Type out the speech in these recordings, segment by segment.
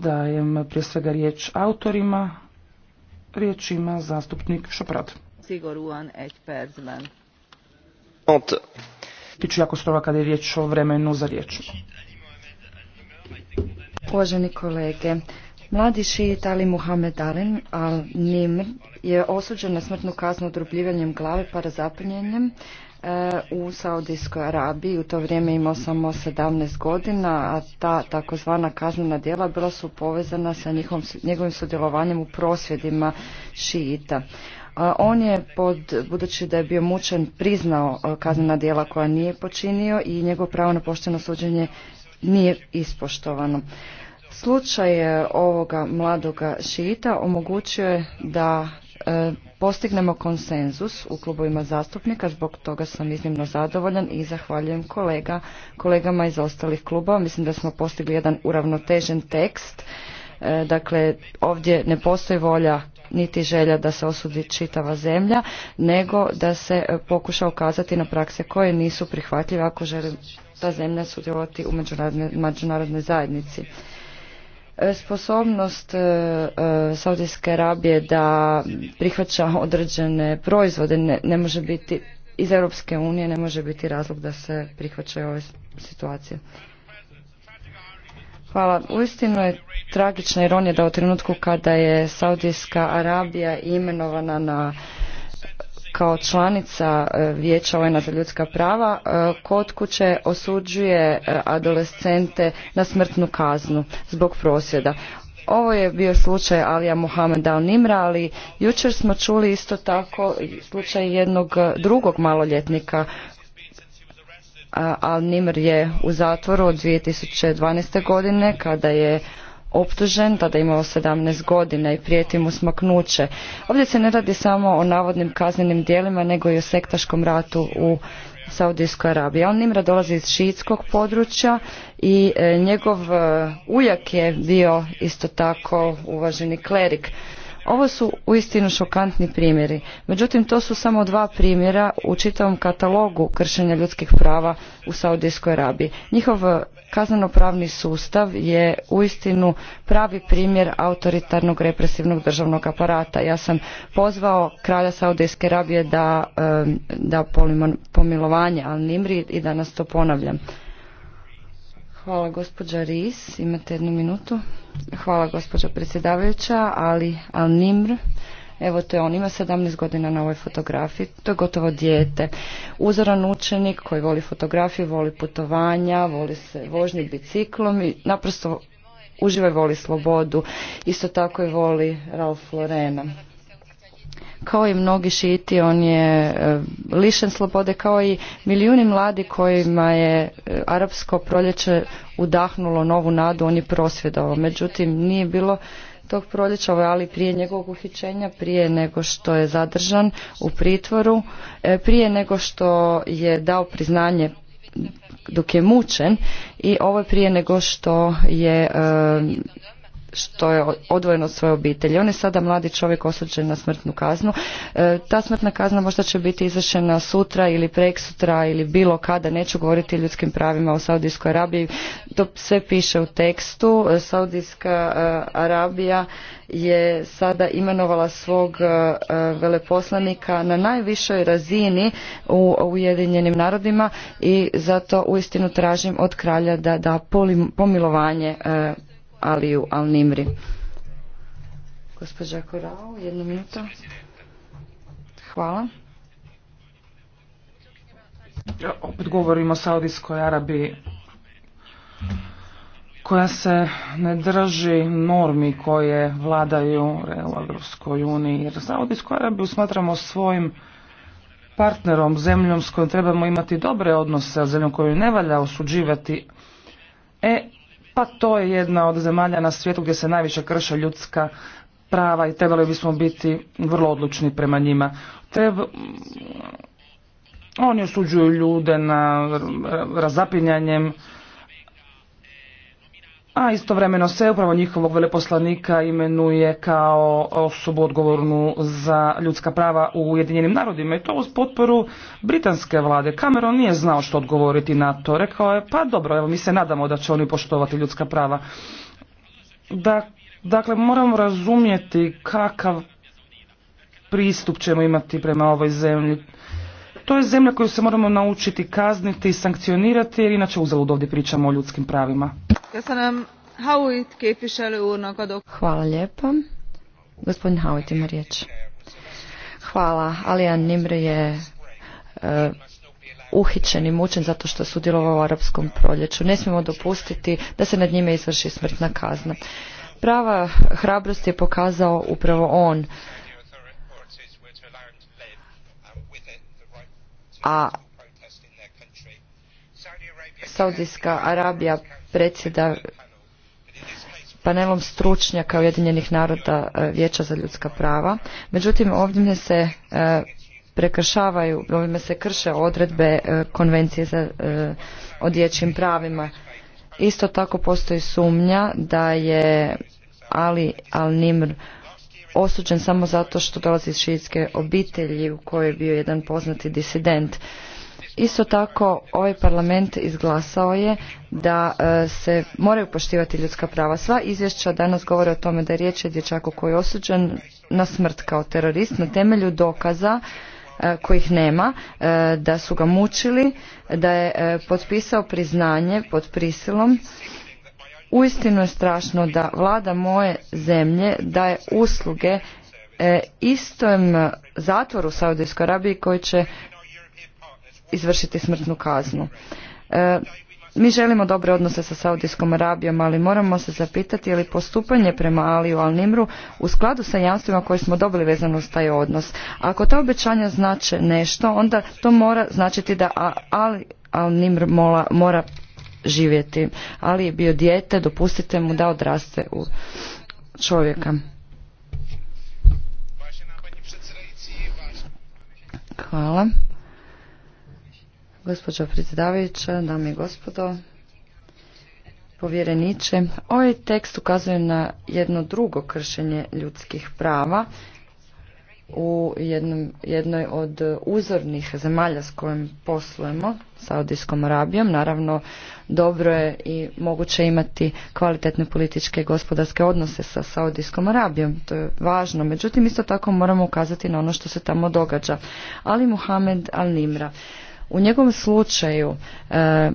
Dajem prije svega riječ autorima. Riječ ima zastupnik Šoprat. Siguruan egy percben. Biću jako strova kada je riječ o vremenu za riječ. Uvaženi kolege, mladi šijit Ali Muhammed Alin Al Nimr je osuđen na smrtnu kaznu odrubljivanjem glave parazapanjenjem u Saudijskoj Arabiji. U to vrijeme imao samo 17 godina, a ta takozvana kaznena djela bila su povezana sa njegovim sudjelovanjem u prosvjedima šiita. On je, pod, budući da je bio mučen, priznao kaznena djela koja nije počinio i njegovo pravo na pošteno suđenje nije ispoštovano. Slučaj e, ovoga mladoga šita omogućio je da E, postignemo konsenzus u klubovima zastupnika, zbog toga sam iznimno zadovoljan i zahvaljujem kolega, kolegama iz ostalih klubova. Mislim da smo postigli jedan uravnotežen tekst. E, dakle, ovdje ne postoji volja niti želja da se osudi čitava zemlja, nego da se e, pokuša ukazati na prakse koje nisu prihvatljive ako želi ta zemlja sudjelovati u međunarodnoj zajednici sposobnost e, e, Saudijske Arabije da prihvaća određene proizvode ne, može biti iz Europske unije ne može biti razlog da se prihvaćaju ove situacije. Hvala. Uistinu je tragična ironija da u trenutku kada je Saudijska Arabija imenovana na kao članica e, Vijeća vojna za ljudska prava e, kod kuće osuđuje e, adolescente na smrtnu kaznu zbog prosvjeda. Ovo je bio slučaj Alija Mohameda Al Nimra, ali jučer smo čuli isto tako slučaj jednog drugog maloljetnika Al Nimr je u zatvoru od 2012. godine kada je optužen, tada imao 17 godina i prijeti mu smaknuće. Ovdje se ne radi samo o navodnim kaznenim dijelima, nego i o sektaškom ratu u Saudijskoj Arabiji. On Nimra dolazi iz šiitskog područja i e, njegov e, ujak je bio isto tako uvaženi klerik. Ovo su uistinu šokantni primjeri. Međutim, to su samo dva primjera u čitavom katalogu kršenja ljudskih prava u Saudijskoj Arabiji. Njihov e, kaznano-pravni sustav je uistinu pravi primjer autoritarnog represivnog državnog aparata. Ja sam pozvao kralja Saudijske Arabije da, e, da pomilovanje Al-Nimri i danas to ponavljam. Hvala gospođa Ris, imate jednu minutu. Hvala gospođa predsjedavajuća, ali Al Nimr, evo to je on, ima 17 godina na ovoj fotografiji, to je gotovo dijete. Uzoran učenik koji voli fotografiju, voli putovanja, voli se vožnju biciklom i naprosto uživa i voli slobodu. Isto tako i voli Ralph Lorena. Kao i mnogi šiti, on je e, lišen slobode, kao i milijuni mladi kojima je e, arapsko proljeće udahnulo novu nadu, on je prosvjedovao. Međutim, nije bilo tog proljeća, ovaj, ali prije njegovog uhićenja, prije nego što je zadržan u pritvoru, e, prije nego što je dao priznanje dok je mučen i ovo je prije nego što je što je odvojen od svoje obitelji. On je sada mladi čovjek osuđen na smrtnu kaznu. E, ta smrtna kazna možda će biti izvršena sutra ili preksutra ili bilo kada. Neću govoriti o ljudskim pravima u Saudijskoj Arabiji. To sve piše u tekstu. E, Saudijska e, Arabija je sada imenovala svog veleposlanika na najvišoj razini u Ujedinjenim narodima i zato uistinu tražim od kralja da da pomilovanje Aliju Al-Nimri. Gospođa Korao, jedna minuta. Hvala. Opet govorimo o Saudijskoj Arabiji koja se ne drži normi koje vladaju u Europskoj uniji. Jer Saudijsku Arabiju smatramo svojim partnerom, zemljom s kojom trebamo imati dobre odnose, zemljom koju ne valja osuđivati. E, pa to je jedna od zemalja na svijetu gdje se najviše krše ljudska prava i trebali bismo biti vrlo odlučni prema njima. Treba... Oni osuđuju ljude na razapinjanjem a istovremeno se upravo njihovog veleposlanika imenuje kao osobu odgovornu za ljudska prava u Ujedinjenim narodima i to uz potporu britanske vlade. Cameron nije znao što odgovoriti na to. Rekao je, pa dobro, evo mi se nadamo da će oni poštovati ljudska prava. Da, dakle, moramo razumjeti kakav pristup ćemo imati prema ovoj zemlji. To je zemlja koju se moramo naučiti kazniti i sankcionirati jer inače uzalud ovdje pričamo o ljudskim pravima. Hvala lijepa. Gospodin Howitt ima riječ. Hvala. Alijan Nimre je e, uhićen i mučen zato što je sudjelovao u arapskom proljeću. Ne smijemo dopustiti da se nad njime izvrši smrtna kazna. Prava hrabrost je pokazao upravo on a Saudijska Arabija predsjeda panelom stručnjaka Ujedinjenih naroda e, Vijeća za ljudska prava. Međutim, ovdje se e, prekršavaju, ovime se krše odredbe e, konvencije za, o dječjim pravima. Isto tako postoji sumnja da je Ali Al-Nimr osuđen samo zato što dolazi iz šijitske obitelji u kojoj je bio jedan poznati disident. Isto tako ovaj parlament izglasao je da e, se moraju poštivati ljudska prava. Sva izvješća danas govore o tome da je riječ je dječaku koji je osuđen na smrt kao terorist na temelju dokaza e, kojih nema, e, da su ga mučili, da je potpisao priznanje pod prisilom Uistinu je strašno da vlada moje zemlje daje usluge e, istom zatvoru u Saudijskoj Arabiji koji će izvršiti smrtnu kaznu. E, mi želimo dobre odnose sa Saudijskom Arabijom, ali moramo se zapitati je li postupanje prema Aliju Al-Nimru u skladu sa jamstvima koje smo dobili vezano uz taj odnos. Ako ta obećanja znače nešto, onda to mora značiti da ali Al-Nimr mora živjeti, ali je bio dijete, dopustite mu da odraste u čovjeka. Hvala. Gospođo predsjedavajuća, dame i gospodo, povjereniče, ovaj tekst ukazuje na jedno drugo kršenje ljudskih prava u jednom, jednoj od uzornih zemalja s kojim poslujemo, Saudijskom Arabijom. Naravno, dobro je i moguće imati kvalitetne političke i gospodarske odnose sa Saudijskom Arabijom. To je važno. Međutim, isto tako moramo ukazati na ono što se tamo događa. Ali Muhammed Al-Nimra. U njegovom slučaju e,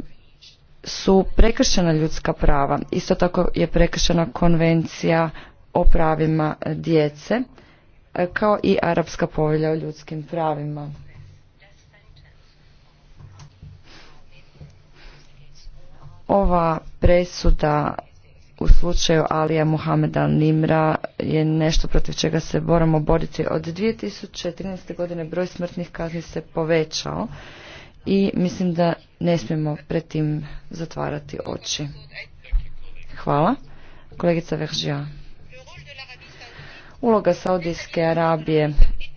su prekršena ljudska prava. Isto tako je prekršena konvencija o pravima djece E, kao i Arapska povelja o ljudskim pravima. Ova presuda u slučaju Alija Muhameda Nimra je nešto protiv čega se moramo boriti. Od 2013. godine broj smrtnih kazni se povećao i mislim da ne smijemo pred tim zatvarati oči. Hvala. Kolegica Veržija. Uloga Saudijske Arabije,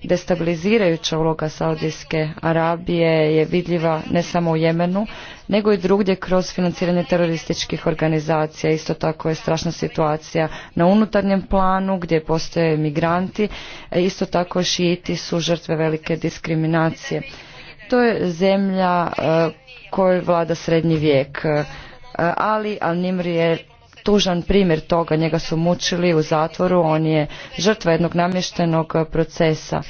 destabilizirajuća uloga Saudijske Arabije je vidljiva ne samo u Jemenu, nego i drugdje kroz financiranje terorističkih organizacija. Isto tako je strašna situacija na unutarnjem planu gdje postoje migranti, e, isto tako šijiti su žrtve velike diskriminacije. To je zemlja e, kojoj vlada srednji vijek. E, ali Al-Nimri je tužan primjer toga. Njega su mučili u zatvoru, on je žrtva jednog namještenog procesa.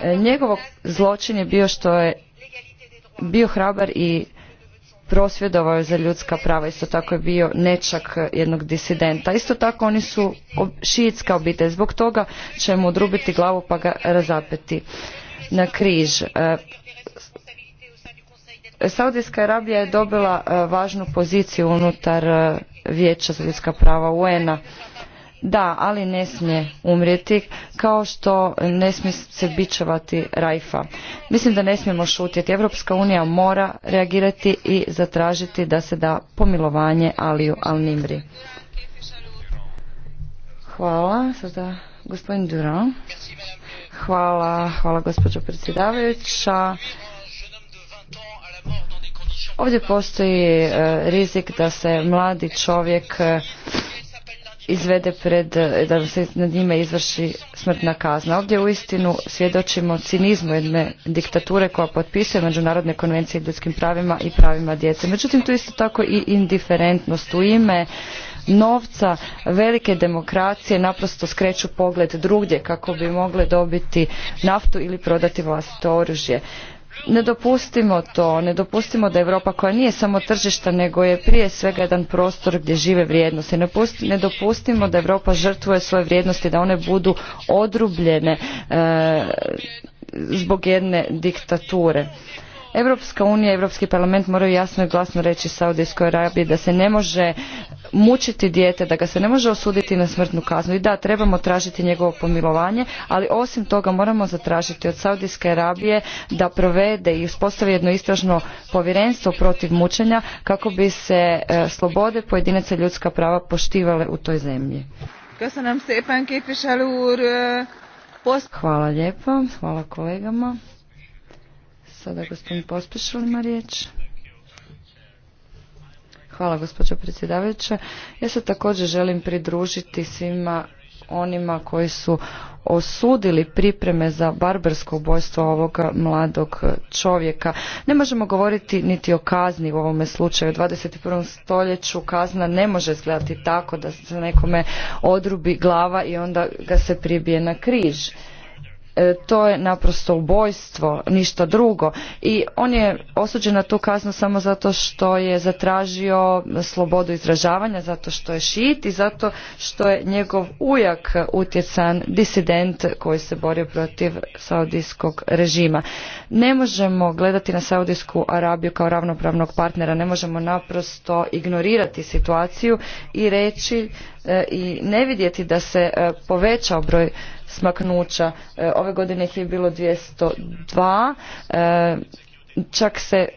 E, njegov zločin je bio što je bio hrabar i prosvjedovao za ljudska prava, isto tako je bio nečak jednog disidenta. Isto tako oni su šiitska obitelj, zbog toga će mu odrubiti glavu pa ga razapeti na križ. E, Saudijska Arabija je dobila e, važnu poziciju unutar Vijeća za ljudska prava un Da, ali ne smije umrijeti kao što ne smije se bičevati Rajfa. Mislim da ne smijemo šutjeti. Europska unija mora reagirati i zatražiti da se da pomilovanje Aliju Al-Nimri. Hvala. Sada gospodin Duran. Hvala, hvala gospođo predsjedavajuća. Ovdje postoji e, rizik da se mladi čovjek e, izvede pred, e, da se nad njime izvrši smrtna kazna. Ovdje u istinu svjedočimo cinizmu jedne diktature koja potpisuje međunarodne konvencije o ljudskim pravima i pravima djece. Međutim, tu isto tako i indiferentnost u ime novca velike demokracije naprosto skreću pogled drugdje kako bi mogle dobiti naftu ili prodati vlastito oružje ne dopustimo to, ne dopustimo da Europa koja nije samo tržišta nego je prije svega jedan prostor gdje žive vrijednosti. Ne, dopustimo da Europa žrtvuje svoje vrijednosti, da one budu odrubljene eh, zbog jedne diktature. Europska unija i Europski parlament moraju jasno i glasno reći Saudijskoj Arabiji da se ne može mučiti dijete, da ga se ne može osuditi na smrtnu kaznu. I da, trebamo tražiti njegovo pomilovanje, ali osim toga moramo zatražiti od Saudijske Arabije da provede i uspostavi jedno istražno povjerenstvo protiv mučenja kako bi se e, slobode pojedinaca ljudska prava poštivale u toj zemlji. E, hvala lijepo hvala kolegama. Sada gospodin Pospešil ima riječ. Hvala gospođo predsjedavajuća. Ja se također želim pridružiti svima onima koji su osudili pripreme za barbarsko ubojstvo ovog mladog čovjeka. Ne možemo govoriti niti o kazni u ovome slučaju. U 21. stoljeću kazna ne može izgledati tako da se nekome odrubi glava i onda ga se pribije na križ. E, to je naprosto ubojstvo, ništa drugo. I on je osuđen na tu kaznu samo zato što je zatražio slobodu izražavanja, zato što je šit i zato što je njegov ujak utjecan disident koji se borio protiv saudijskog režima. Ne možemo gledati na Saudijsku Arabiju kao ravnopravnog partnera, ne možemo naprosto ignorirati situaciju i reći E, i ne vidjeti da se e, povećao broj smaknuća. E, ove godine ih je bilo 202, čak se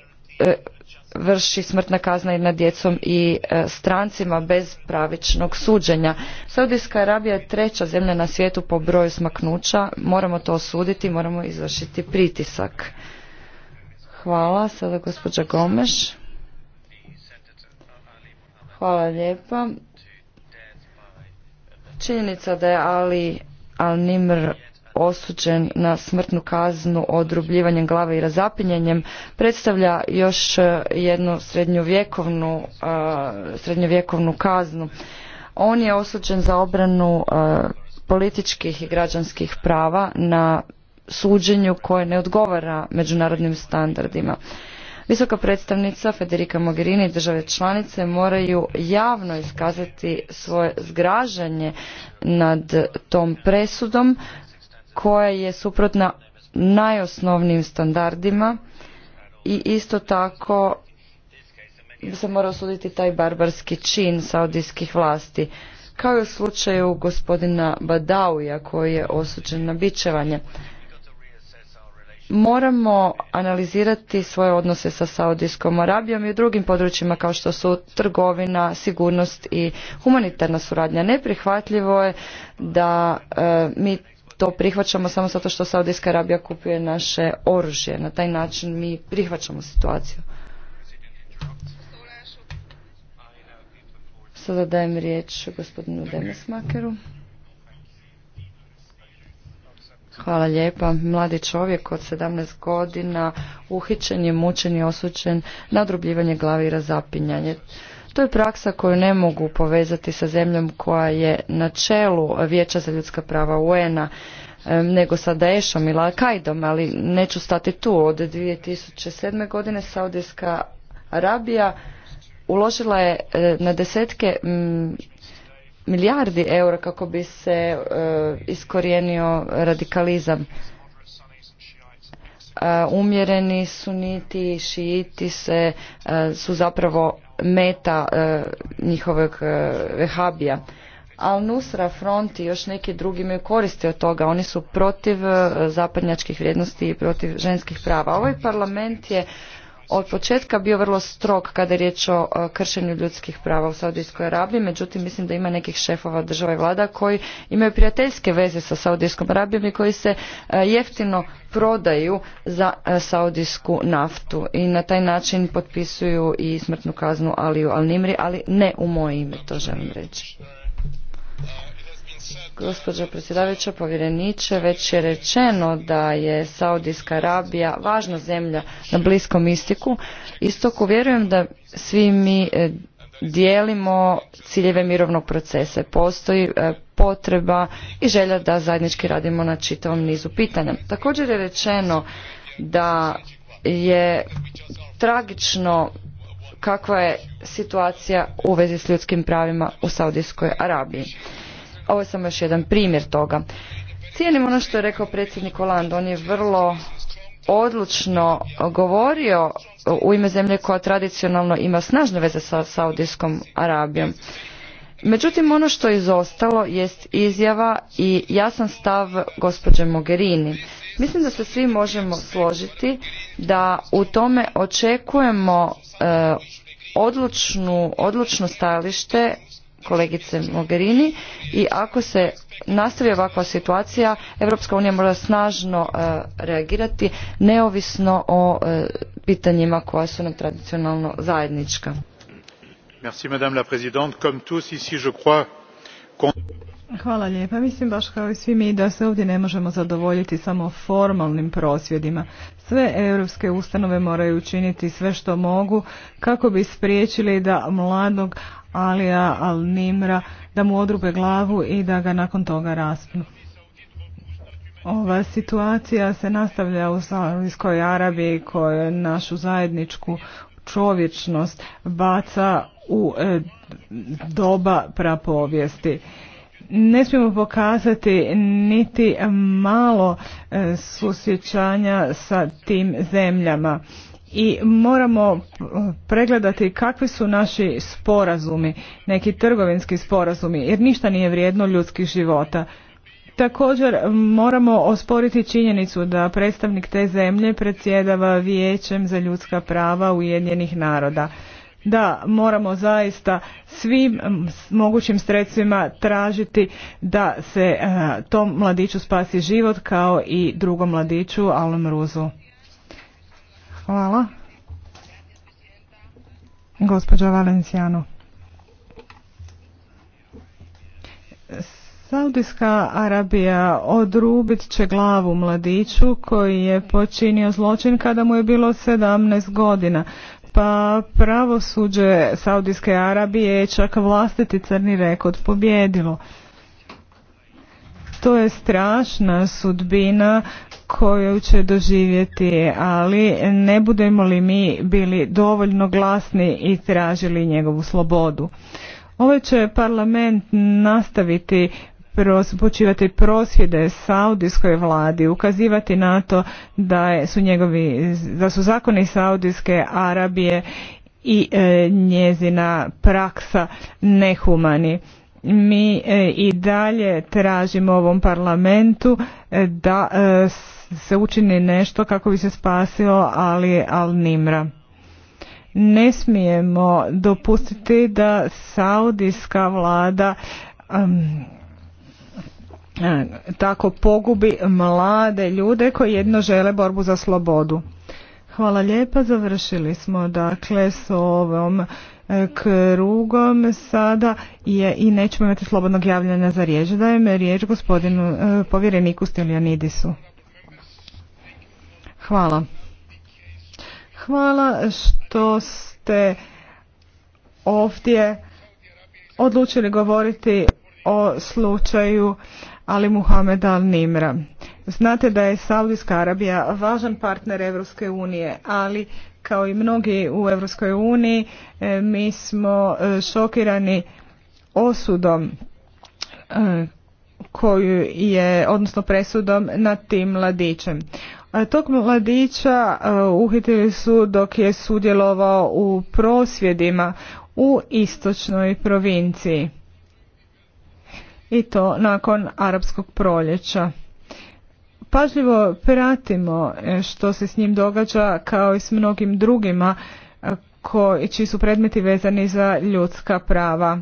vrši smrtna kazna i nad djecom i strancima bez pravičnog suđenja. Saudijska Arabija je treća zemlja na svijetu po broju smaknuća. Moramo to osuditi, moramo izvršiti pritisak. Hvala. Sada gospođa Gomeš. Hvala lijepa. Činjenica da je Ali Al-Nimr osuđen na smrtnu kaznu odrubljivanjem glave i razapinjanjem predstavlja još e, jednu srednjovjekovnu, e, srednjovjekovnu kaznu. On je osuđen za obranu e, političkih i građanskih prava na suđenju koje ne odgovara međunarodnim standardima. Visoka predstavnica Federica Mogherini i države članice moraju javno iskazati svoje zgražanje nad tom presudom koja je suprotna najosnovnijim standardima i isto tako se mora osuditi taj barbarski čin saudijskih vlasti kao i u slučaju gospodina Badauja koji je osuđen na bičevanje moramo analizirati svoje odnose sa Saudijskom Arabijom i drugim područjima kao što su trgovina, sigurnost i humanitarna suradnja. Neprihvatljivo je da e, mi to prihvaćamo samo zato što Saudijska Arabija kupuje naše oružje. Na taj način mi prihvaćamo situaciju. Sada dajem riječ gospodinu Demesmakeru. Hvala lijepa. Mladi čovjek od 17 godina uhićen je, mučen i osuđen na drubljivanje glavi i razapinjanje. To je praksa koju ne mogu povezati sa zemljom koja je na čelu Vijeća za ljudska prava UENA, nego sa Daeshom ili al ali neću stati tu. Od 2007. godine Saudijska Arabija uložila je eh, na desetke mm, milijardi eura kako bi se uh, iskorijenio radikalizam. E, umjereni suniti šijiti se, e, su zapravo meta njihovog vehabija. Al-Nusra, Front i još neki drugi imaju koristi od toga. Oni su protiv zapadnjačkih vrijednosti i protiv ženskih prava. Ovaj parlament je od početka bio vrlo strog kada je riječ o e, kršenju ljudskih prava u Saudijskoj Arabiji, međutim mislim da ima nekih šefova država i vlada koji imaju prijateljske veze sa Saudijskom Arabijom i koji se e, jeftino prodaju za e, saudijsku naftu i na taj način potpisuju i smrtnu kaznu Aliju Al-Nimri, ali ne u moje ime, to želim reći. Gospođo predsjedavajuća povjereniče, već je rečeno da je Saudijska Arabija važna zemlja na Bliskom istiku. Istoku vjerujem da svi mi e, dijelimo ciljeve mirovnog procesa. Postoji e, potreba i želja da zajednički radimo na čitavom nizu pitanja. Također je rečeno da je tragično kakva je situacija u vezi s ljudskim pravima u Saudijskoj Arabiji. Ovo je samo još jedan primjer toga. Cijenim ono što je rekao predsjednik Holanda. On je vrlo odlučno govorio u ime zemlje koja tradicionalno ima snažne veze sa Saudijskom Arabijom. Međutim, ono što je izostalo jest izjava i jasan stav gospođe Mogherini. Mislim da se svi možemo složiti da u tome očekujemo e, odlučno stajalište kolegice Mogherini i ako se nastavi ovakva situacija, Europska unija mora snažno e, reagirati neovisno o e, pitanjima koja su nam tradicionalno zajednička. Hvala lijepa. Mislim baš kao i svi mi da se ovdje ne možemo zadovoljiti samo formalnim prosvjedima. Sve europske ustanove moraju učiniti sve što mogu kako bi spriječili da mladog Alija Al-Nimra da mu odrube glavu i da ga nakon toga raspnu. Ova situacija se nastavlja u Saudijskoj Arabiji koja našu zajedničku čovječnost baca u e, doba prapovijesti. Ne smijemo pokazati niti malo e, susjećanja sa tim zemljama i moramo uh, pregledati kakvi su naši sporazumi, neki trgovinski sporazumi, jer ništa nije vrijedno ljudskih života. Također moramo osporiti činjenicu da predstavnik te zemlje predsjedava Vijećem za ljudska prava Ujedinjenih naroda. Da, moramo zaista svim mogućim sredstvima tražiti da se uh, tom mladiću spasi život kao i drugom mladiću Alom Ruzu. Hvala. Gospođa Valenciano. Saudijska Arabija odrubit će glavu mladiću koji je počinio zločin kada mu je bilo 17 godina. Pa pravosuđe Saudijske Arabije je čak vlastiti crni rekord pobjedilo. To je strašna sudbina koju će doživjeti, ali ne budemo li mi bili dovoljno glasni i tražili njegovu slobodu. Ovaj će parlament nastaviti počivati prosvjede saudijskoj vladi, ukazivati na to da su, njegovi, da su zakoni Saudijske Arabije i e, njezina praksa nehumani mi e, i dalje tražimo ovom parlamentu e, da e, se učini nešto kako bi se spasio Ali Al-Nimra. Ne smijemo dopustiti da saudijska vlada tako pogubi mlade ljude koji jedno žele borbu za slobodu. Hvala lijepa, završili smo dakle s ovom krugom sada je i nećemo imati slobodnog javljanja za riječ. Dajem riječ gospodinu e, povjereniku Stiljanidisu. Hvala. Hvala što ste ovdje odlučili govoriti o slučaju Ali Muhammed Al Nimra. Znate da je Saudijska Arabija važan partner Europske unije, ali kao i mnogi u Europskoj uniji e, mi smo e, šokirani osudom e, koju je, odnosno presudom nad tim mladićem. Tog mladića uhitili su dok je sudjelovao u prosvjedima u istočnoj provinciji. I to nakon arapskog proljeća pažljivo pratimo e, što se s njim događa kao i s mnogim drugima e, koji, čiji su predmeti vezani za ljudska prava.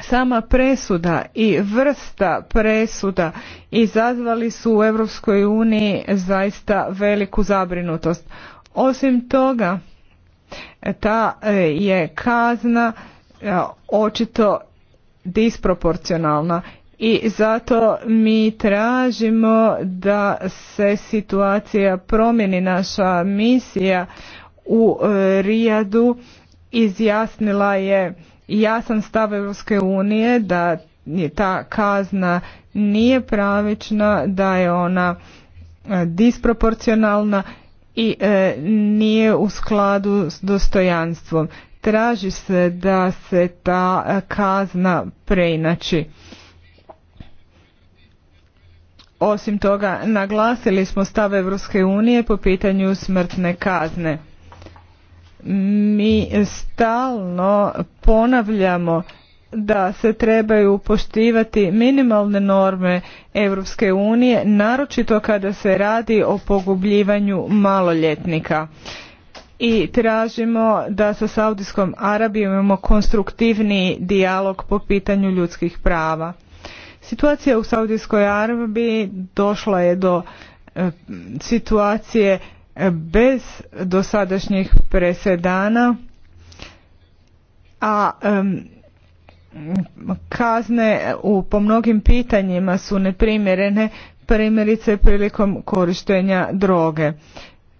Sama presuda i vrsta presuda izazvali su u Europskoj uniji zaista veliku zabrinutost. Osim toga, e, ta je kazna očito disproporcionalna i zato mi tražimo da se situacija promjeni naša misija u e, Rijadu izjasnila je jasan stav Europske unije da ta kazna nije pravična, da je ona e, disproporcionalna i e, nije u skladu s dostojanstvom. Traži se da se ta kazna preinači. Osim toga, naglasili smo stav Europske unije po pitanju smrtne kazne. Mi stalno ponavljamo da se trebaju poštivati minimalne norme Europske unije, naročito kada se radi o pogubljivanju maloljetnika. I tražimo da sa Saudijskom Arabijom imamo konstruktivni dijalog po pitanju ljudskih prava. Situacija u Saudijskoj Arabiji došla je do e, situacije e, bez dosadašnjih presedana, a kazne u, po mnogim pitanjima su neprimjerene, primjerice prilikom korištenja droge.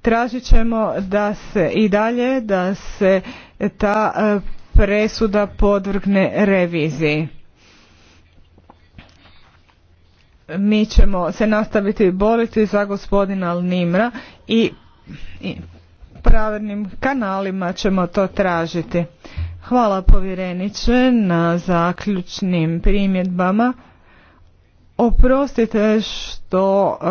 Tražit ćemo da se i dalje da se ta e, presuda podvrgne reviziji. mi ćemo se nastaviti boriti za gospodina Alnimra i, i pravednim kanalima ćemo to tražiti. Hvala povjereniče na zaključnim primjedbama. Oprostite što e,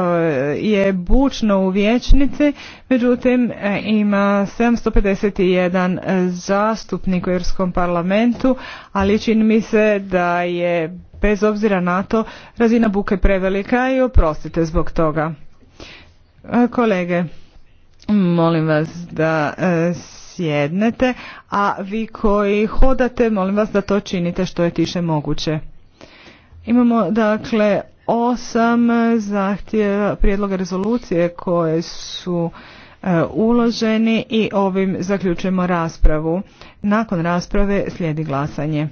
je bučno u vječnici, međutim e, ima 751 zastupnik u Europskom parlamentu, ali čini mi se da je bez obzira na to razina buke prevelika i oprostite zbog toga. E, kolege, molim vas da sjednete, a vi koji hodate, molim vas da to činite što je tiše moguće. Imamo dakle osam zahtjeva prijedloga rezolucije koje su e, uloženi i ovim zaključujemo raspravu. Nakon rasprave slijedi glasanje.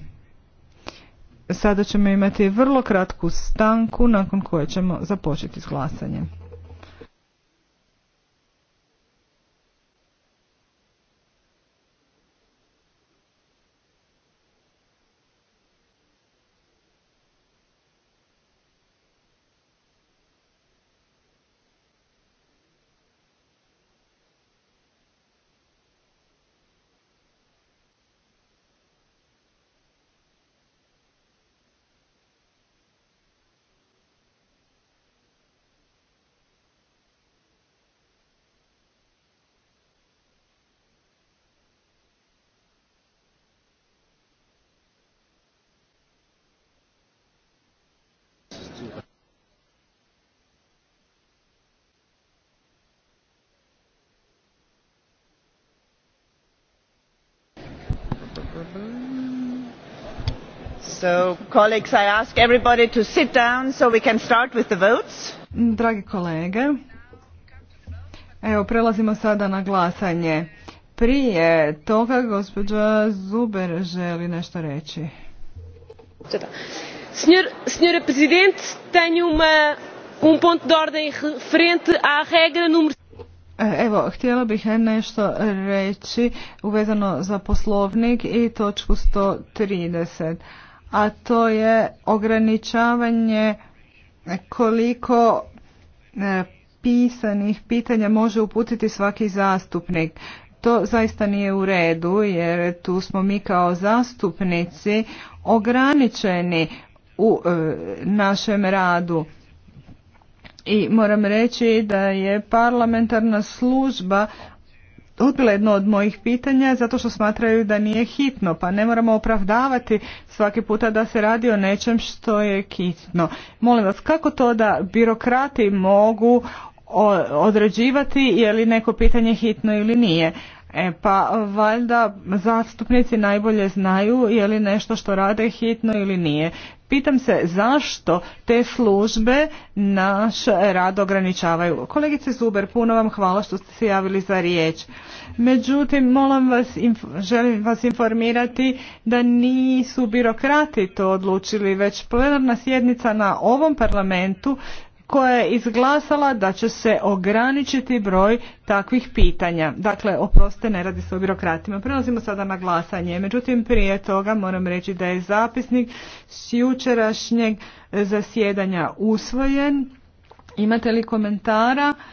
Sada ćemo imati vrlo kratku stanku nakon koje ćemo započeti s glasanjem. So, colleagues, I ask everybody to sit down so we can start with the votes. Dragi kolege, evo prelazimo sada na glasanje. Prije toga gospođa Zuber želi nešto reći. Senhora Presidente, tenho uma, um ponto de ordem referente à regra número e, Evo, htjela bih nešto reći uvezano za poslovnik i točku 130 a to je ograničavanje koliko e, pisanih pitanja može uputiti svaki zastupnik. To zaista nije u redu jer tu smo mi kao zastupnici ograničeni u e, našem radu. I moram reći da je parlamentarna služba odbila jedno od mojih pitanja zato što smatraju da nije hitno, pa ne moramo opravdavati svaki puta da se radi o nečem što je hitno. Molim vas, kako to da birokrati mogu određivati je li neko pitanje hitno ili nije? E pa valjda zastupnici najbolje znaju je li nešto što rade hitno ili nije. Pitam se zašto te službe naš rad ograničavaju. Kolegice Zuber, puno vam hvala što ste se javili za riječ. Međutim, molim vas, želim vas informirati da nisu birokrati to odlučili, već plenarna sjednica na ovom parlamentu koja je izglasala da će se ograničiti broj takvih pitanja. Dakle, oproste, ne radi se o birokratima. Prelazimo sada na glasanje. Međutim, prije toga moram reći da je zapisnik s jučerašnjeg zasjedanja usvojen. Imate li komentara?